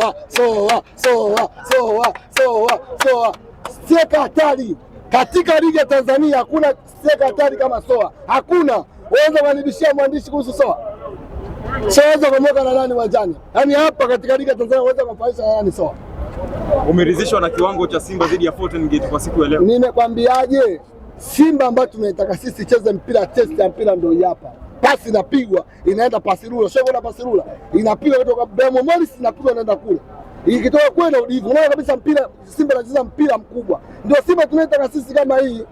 soa soa soa soa soa. Sieka hatari katika ligi ya Tanzania, hakuna sieka hatari kama Soa, hakuna. Waweza ukanibishia mwandishi kuhusu Soa? Siweza kumweka na nani uwanjani? Yaani hapa katika ligi ya Tanzania waweza kumfanisha na nani Soa? Umeridhishwa na kiwango cha Simba dhidi ya Fountain Gate kwa siku ya leo? Nimekwambiaje, Simba ambayo tunaitaka sisi cheze mpira, test ya mpira ndio hapa pasi inapigwa inaenda pasirula, sio kwenda pasirula, inapigwa kutoka Bremo Morris inapigwa inaenda kule, ikitoka kule na udivu. Unaona kabisa mpira, Simba anacheza mpira mkubwa, ndio Simba tunaitaka sisi. Kama hii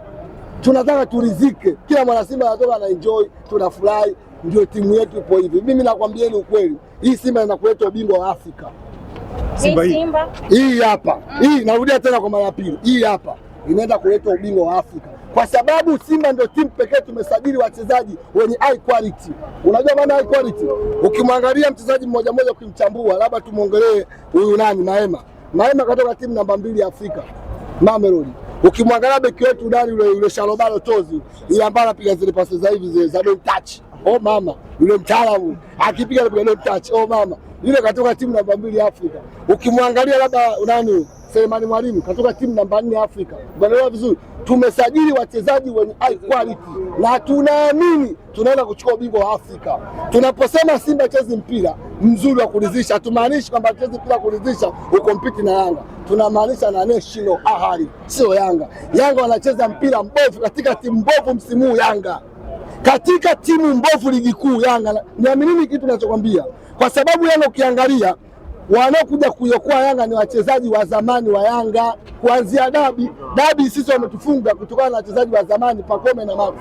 tunataka turizike, kila mwana Simba anatoka na enjoy, tunafurahi, ndio timu yetu ipo hivi. Mimi ni ukweli, hii Simba inakuleta ubingwa wa Afrika. Simba hii hapa hii, narudia tena kwa mara ya pili, hii hapa inaenda kuleta ubingwa wa Afrika kwa sababu Simba ndio timu pekee tumesajili wachezaji wenye high quality. Unajua maana high quality, ukimwangalia mchezaji mmoja mmoja ukimchambua, labda tumwongelee huyu nani, Maema. Maema katoka timu namba mbili ya Afrika Mamelodi. Ukimwangalia beki wetu ndani yule yule Shalobalo Tozi, yule ambaye anapiga zile pasi za hivi zile za don't touch. Oh mama, yule mtaalamu akipiga ile don't touch. Oh mama, yule katoka timu namba mbili ya Afrika. Ukimwangalia labda nani Selemani Mwalimu katoka timu namba nne Afrika, umeelewa vizuri. Tumesajili wachezaji wenye high quality na tunaamini tunaenda kuchukua ubingwa wa Afrika. Tunaposema Simba chezi mpira mzuri wa kuridhisha, hatumaanishi kwamba chezi mpira kuridhisha ukompiti na Yanga, tunamaanisha na national ahari, sio Yanga. Yanga wanacheza mpira mbovu katika timu mbovu msimu huu. Yanga katika timu mbovu ligi kuu. Yanga niaminini kitu ninachokwambia, kwa sababu Yanga ukiangalia wanaokuja kuiokoa Yanga ni wachezaji wa zamani wa Yanga, kuanzia dabi dabi, sisi wametufunga kutokana na wachezaji wa zamani Pakome na Max.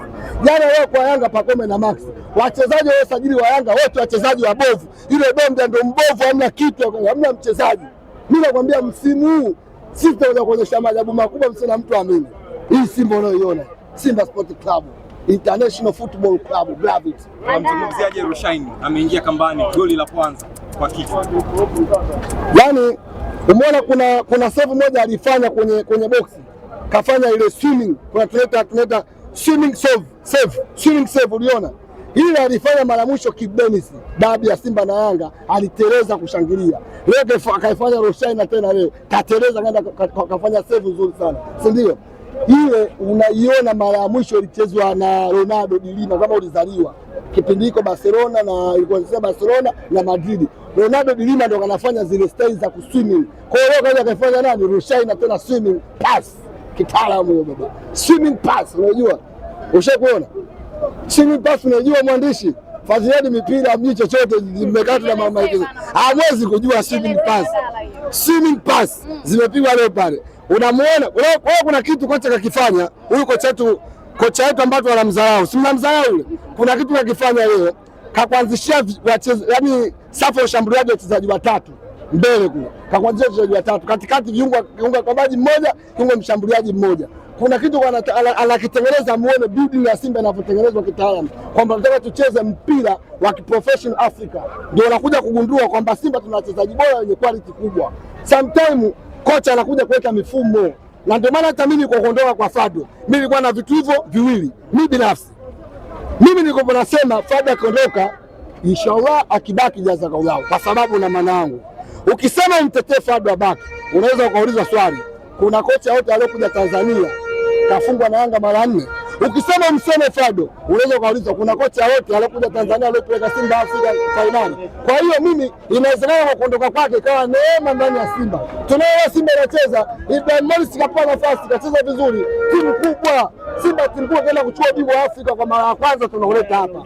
Jana leo kwa Yanga Pakome na Max, wachezaji sajili wa Yanga wote wachezaji wabovu. Yule Bombe ndo mbovu, hamna kitu, hamna mchezaji. Mi nakwambia msimu huu sisi tutakuja kuonyesha maajabu makubwa, msio na mtu amini. Hii Simba unayoiona Simba Sport Club International Football Club, Gravity. Amzungumziaje Rushaini? Ameingia kambani goli la kwanza kwa kichwa. Yaani umeona kuna, kuna save moja alifanya kwenye, kwenye boksi kafanya ile swimming, kuna tunaita tunaita swimming save, save, swimming save uliona ile alifanya mara mwisho kibenis Denis, dabi ya Simba na Yanga, aliteleza kushangilia. Leo akaifanya na tena leo kateleza, ngenda kafanya save nzuri sana, si ndio? Ile unaiona mara ya mwisho ilichezwa na Ronaldo dilima, kama ulizaliwa kipindi hiko Barcelona na ilikuwa Barcelona na Madrid Ronaldo de Lima ndo anafanya zile staili za kuswimming. Kwa hiyo kaja akafanya nani? Rushai na tena swimming pass. Kitaalamu huyo baba. Swimming pass unajua? Ushakuona? Swimming pass unajua mwandishi? Fadhiliani mipira mji chochote mmekata na mama yake. Hawezi kujua swimming pass. Swimming pass zimepigwa leo pale. Unamuona? Wewe kuna kitu kocha kakifanya. Huyu kocha wetu kocha wetu ambaye wanamdharau. Si mnamdharau yule. Kuna kitu kakifanya leo. Kakuanzishia wachezaji yaani safu ya ushambuliaji wachezaji watatu mbele kule, kakwanzia wachezaji watatu katikati, viungo kiungo kabaji mmoja, kiungo mshambuliaji mmoja. Kuna kitu anakitengeneza, ala, muone bidii ya Simba inavyotengenezwa kitaalamu, kwamba nataka tucheze mpira wa kiprofessional Africa. Ndio anakuja kugundua kwamba Simba tuna wachezaji bora wenye quality kubwa. Sometime kocha anakuja kuweka mifumo, na ndio maana hata mimi kwa kuondoka kwa Fado, mimi nilikuwa na vitu hivyo viwili. Mimi binafsi mimi nilikuwa nasema Fado akiondoka inshallah akibaki jaza kaulao kwa sababu na maana yangu ukisema mtetee Fadu abaki, unaweza ukaulizwa swali, kuna kocha wote aliyokuja Tanzania kafungwa na Yanga mara nne? Ukisema mseme Fado, unaweza ukaulizwa kuna kocha wote aliyokuja Tanzania aliyopeleka Simba Afrika fainali. Kwa hiyo mimi, inawezekana kwa kuondoka kwake ikawa neema ndani ya Simba. Tunaona Simba inacheza, Ibrahim Morris kapewa nafasi, kacheza vizuri, timu kubwa Simba, timu kubwa, kaenda kuchukua ubingwa wa Afrika kwa mara ya kwanza, tunauleta hapa.